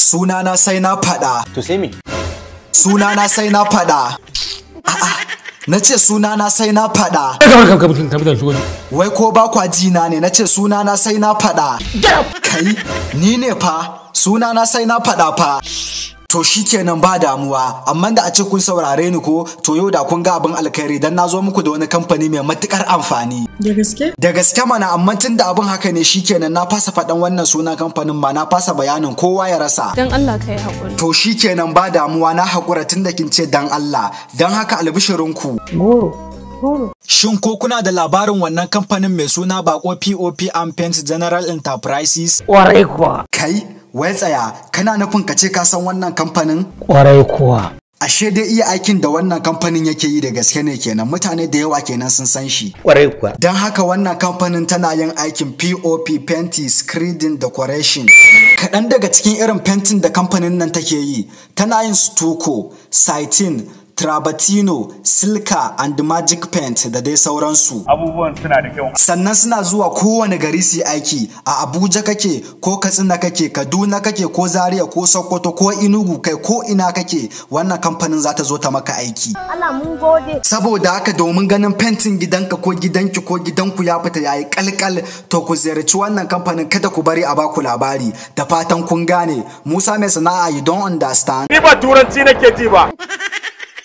sunana sai na faɗa. To sai me? Sunana sai na faɗa. Na ce sunana sai na faɗa. Wai ko ba kwa jina ne na ce sunana sai na faɗa. Kai, ni ne fa, sunana sai na faɗa fa. to shikenan ba damuwa amma da a ce kun saurare ni ko to yau da kun ga abin alkhairi dan na zo muku da wani kamfani mai matukar amfani da gaske da gaske mana amma tun da abin haka ne shikenan na fasa faɗan wannan sunan kamfanin ma na fasa bayanin kowa ya rasa dan Allah ka hakuri to shikenan ba damuwa na hakura tun da kin ce dan Allah dan haka ku. goro Shin ko kuna da labarin wannan kamfanin mai suna bako POP and Paint General Enterprises? Warai kuwa. Kai? wai tsaya kana nufin ka ce ka san wannan kamfanin kwarai kuwa ashe dai iya aikin da wannan kamfanin yake yi da gaske ne kenan mutane da yawa kenan sun san shi kwarai kuwa don haka wannan kamfanin tana yin aikin pop fenti Screening, decoration kaɗan daga cikin irin fentin da kamfanin nan take yi tana yin stucco siting, Trabatino, Silka and Magic Paint da dai sauransu. Abubuwan suna da kyau. Sannan suna zuwa kowane gari su aiki a Abuja kake ko Katsina kake, Kaduna kake ko Zaria ko Sokoto ko Enugu kai ko ina kake wannan kamfanin za ta zo ta maka aiki. Allah mun gode. Saboda haka domin ganin fentin gidanka ko gidanki ko gidanku ya fita yayi kalkal to ku ziyarci wannan kamfanin kada ku bari a baku labari da fatan kun gane Musa mai sana'a you don't understand. Ni ba turanci nake ji ba.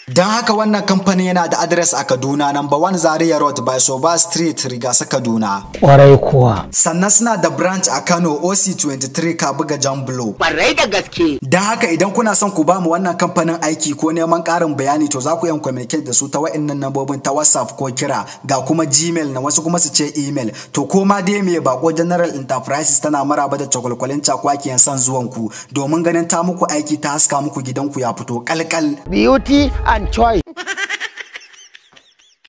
Don haka wannan kamfanin yana da adres a Kaduna, number one Zaria Road by Soba Street, Rigasa Kaduna. Kwarai kuwa. Sannan suna da branch a Kano OC23 Kabuga Jambulo. Kwarai da gaske. Don haka idan kuna son ku ba mu wannan kamfanin aiki ko neman ƙarin bayani to za ku yan communicate da su ta wa'annan nambobin ta WhatsApp ko kira ga kuma Gmail na wasu kuma su ce email. To koma ma dai me bako General Enterprises tana maraba da cakwalkwalin cakwakiyan son zuwanku domin ganin ta muku aiki ta haska muku ku ya fito kalkal. Beauty and choice.